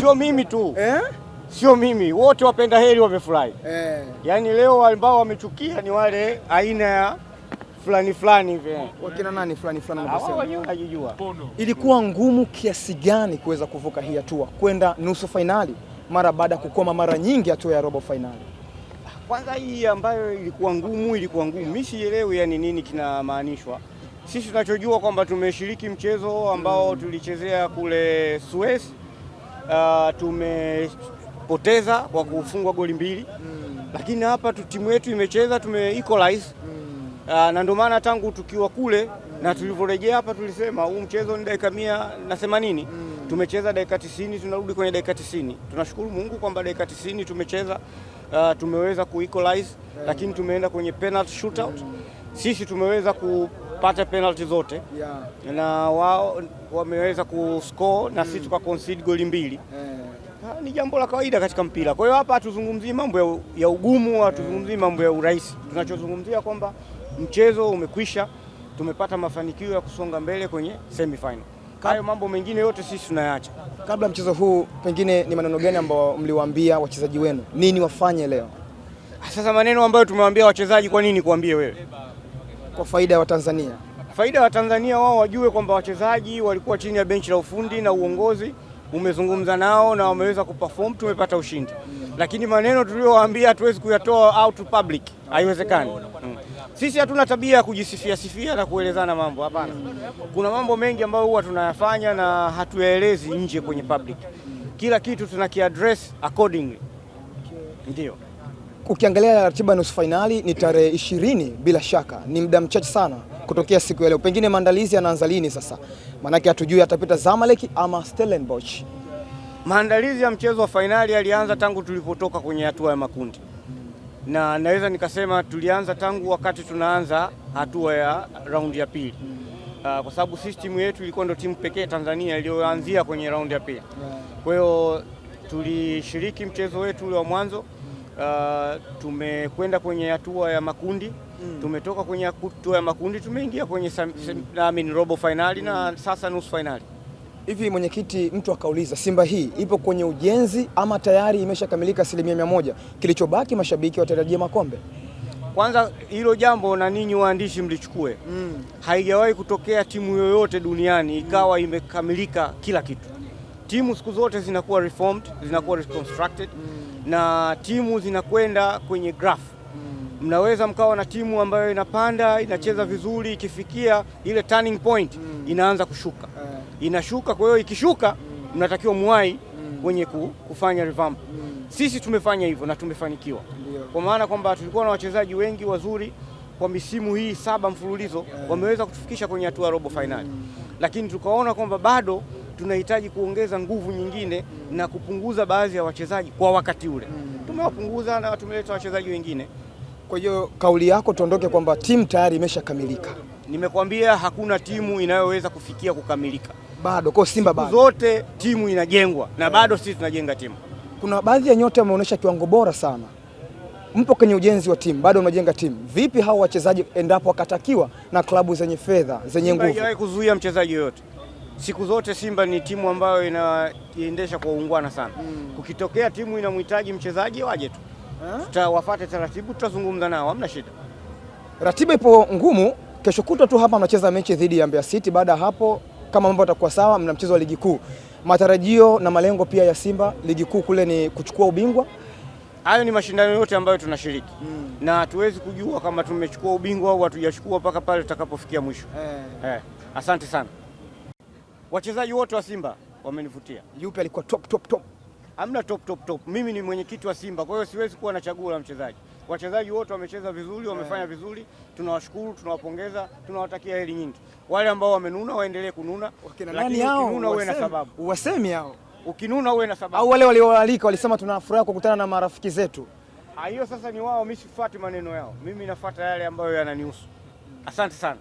sio mimi tu eh? Sio mimi, wote wapenda heri wamefurahi eh. Yaani leo ambao wamechukia ni wale aina ya fulani fulani hivi wakina nani fulani fulani hajijua. Ilikuwa ngumu kiasi gani kuweza kuvuka hii hatua kwenda nusu fainali mara baada ya kukoma mara nyingi hatua ya robo fainali? Kwanza hii ambayo ilikuwa ngumu, ilikuwa ngumu, mimi sielewi yani nini kinamaanishwa. Sisi tunachojua kwamba tumeshiriki mchezo ambao mm. tulichezea kule Suez uh, tumepoteza kwa kufungwa goli mbili mm. Lakini hapa timu yetu imecheza tume equalize mm. uh, na ndio maana tangu tukiwa kule mm. na tulivyorejea hapa tulisema huu mchezo ni dakika mia na themanini mm. Tumecheza dakika tisini tunarudi kwenye dakika tisini Tunashukuru Mungu kwamba dakika tisini tumecheza uh, tumeweza ku equalize, lakini tumeenda kwenye penalty shootout. Mm. Sisi tumeweza ku kupata penalti zote yeah. na wao wameweza kuscore na sisi mm. tuka concede goli mbili yeah. Ah, ni jambo la kawaida katika mpira. Kwa hiyo hapa hatuzungumzii mambo ya, ya ugumu, hatuzungumzii mambo ya urahisi. Tunachozungumzia kwamba mchezo umekwisha, tumepata mafanikio ya kusonga mbele kwenye semifinal. Hayo mambo mengine yote sisi tunayaacha. Kabla mchezo huu, pengine ni maneno gani ambayo mliwaambia wachezaji wenu, nini wafanye leo? Ah, sasa maneno ambayo tumewaambia wachezaji, kwa nini kuambie wewe kwa faida ya Watanzania. Faida ya Watanzania wao wajue kwamba wachezaji walikuwa chini ya benchi la ufundi na uongozi umezungumza nao na wameweza kuperform, tumepata ushindi, lakini maneno tuliyowaambia hatuwezi kuyatoa out to public, haiwezekani. Mm. Sisi hatuna tabia ya kujisifia sifia na kuelezana mambo, hapana. Kuna mambo mengi ambayo huwa tunayafanya na hatuyaelezi nje kwenye public, kila kitu tunakiaddress accordingly, ndio ukiangalia ratiba nusu fainali ni tarehe ishirini, bila shaka ni muda mchache sana kutokea siku ya leo. Pengine maandalizi yanaanza lini sasa? Maanake hatujui atapita Zamalek ama Stellenbosch. Maandalizi ya mchezo wa fainali yalianza tangu tulipotoka kwenye hatua ya makundi, na naweza nikasema tulianza tangu wakati tunaanza hatua ya raundi ya pili uh, kwa sababu sisi timu yetu ilikuwa ndio timu pekee Tanzania iliyoanzia kwenye raundi ya pili. Kwa hiyo tulishiriki mchezo wetu ule wa mwanzo uh, tumekwenda kwenye hatua ya makundi mm. Tumetoka kwenye hatua ya makundi tumeingia kwenye mm. robo fainali mm. na sasa nusu fainali. Hivi mwenyekiti, mtu akauliza Simba hii ipo kwenye ujenzi ama tayari imeshakamilika asilimia mia moja, kilichobaki mashabiki watarajia makombe? Kwanza hilo jambo na ninyi waandishi mlichukue mm. Haijawahi kutokea timu yoyote duniani mm. ikawa imekamilika kila kitu timu siku zote zinakuwa reformed, zinakuwa reconstructed mm. na timu zinakwenda kwenye graph mm. mnaweza mkawa na timu ambayo inapanda inacheza mm. vizuri, ikifikia ile turning point mm. inaanza kushuka yeah. inashuka. Kwa hiyo ikishuka mm. mnatakiwa mwai mm. kwenye kufanya revamp mm. sisi tumefanya hivyo na tumefanikiwa yeah. kwa maana kwamba tulikuwa na wachezaji wengi wazuri kwa misimu hii saba mfululizo yeah. wameweza kutufikisha kwenye hatua robo fainali mm. lakini tukaona kwamba bado tunahitaji kuongeza nguvu nyingine mm. na kupunguza baadhi ya wachezaji kwa wakati ule mm. tumewapunguza na tumeleta wachezaji wengine. Kwa hiyo kauli yako tuondoke kwamba timu tayari imeshakamilika. Nimekwambia hakuna timu inayoweza kufikia kukamilika bado, kwa Simba bado zote timu inajengwa na eh. bado sisi tunajenga timu. Kuna baadhi ya nyota wameonyesha kiwango bora sana, mpo kwenye ujenzi wa timu, bado unajenga timu. Vipi hao wachezaji endapo wakatakiwa na klabu zenye fedha zenye nguvu? Haijawahi kuzuia mchezaji yoyote siku zote Simba ni timu ambayo inaendesha kwa uungwana sana mm. Kukitokea timu inamhitaji mchezaji waje tu, eh? tutawafate taratibu, tutazungumza nao, hamna shida. Ratiba ipo ngumu, kesho kutwa tu hapa mnacheza mechi dhidi ya Mbeya City. Baada ya hapo, kama mambo yatakuwa sawa, mna mchezo wa ligi kuu. Matarajio na malengo pia ya Simba ligi kuu kule ni kuchukua ubingwa. Hayo ni mashindano yote ambayo tunashiriki mm. na hatuwezi kujua kama tumechukua ubingwa au hatujachukua mpaka pale tutakapofikia mwisho eh. Eh. Asante sana. Wachezaji wote wa Simba wamenivutia. Yupi alikuwa top top top? Hamna top top top. Mimi ni mwenyekiti wa Simba, kwa hiyo siwezi kuwa na chaguo la mchezaji. Wachezaji wote wamecheza vizuri, wamefanya eh. vizuri, tunawashukuru, tunawapongeza, tunawatakia heri nyingi. Wale ambao wamenuna waendelee kununa, hao? ukinuna uwe na sababu, uwasemi hao, ukinuna uwe na sababu. Au wale walioalika walisema tuna furaha kukutana na marafiki zetu, ah, hiyo sasa ni wao. Mimi sifuati maneno yao, mimi nafuata yale ambayo yananihusu. Asante sana.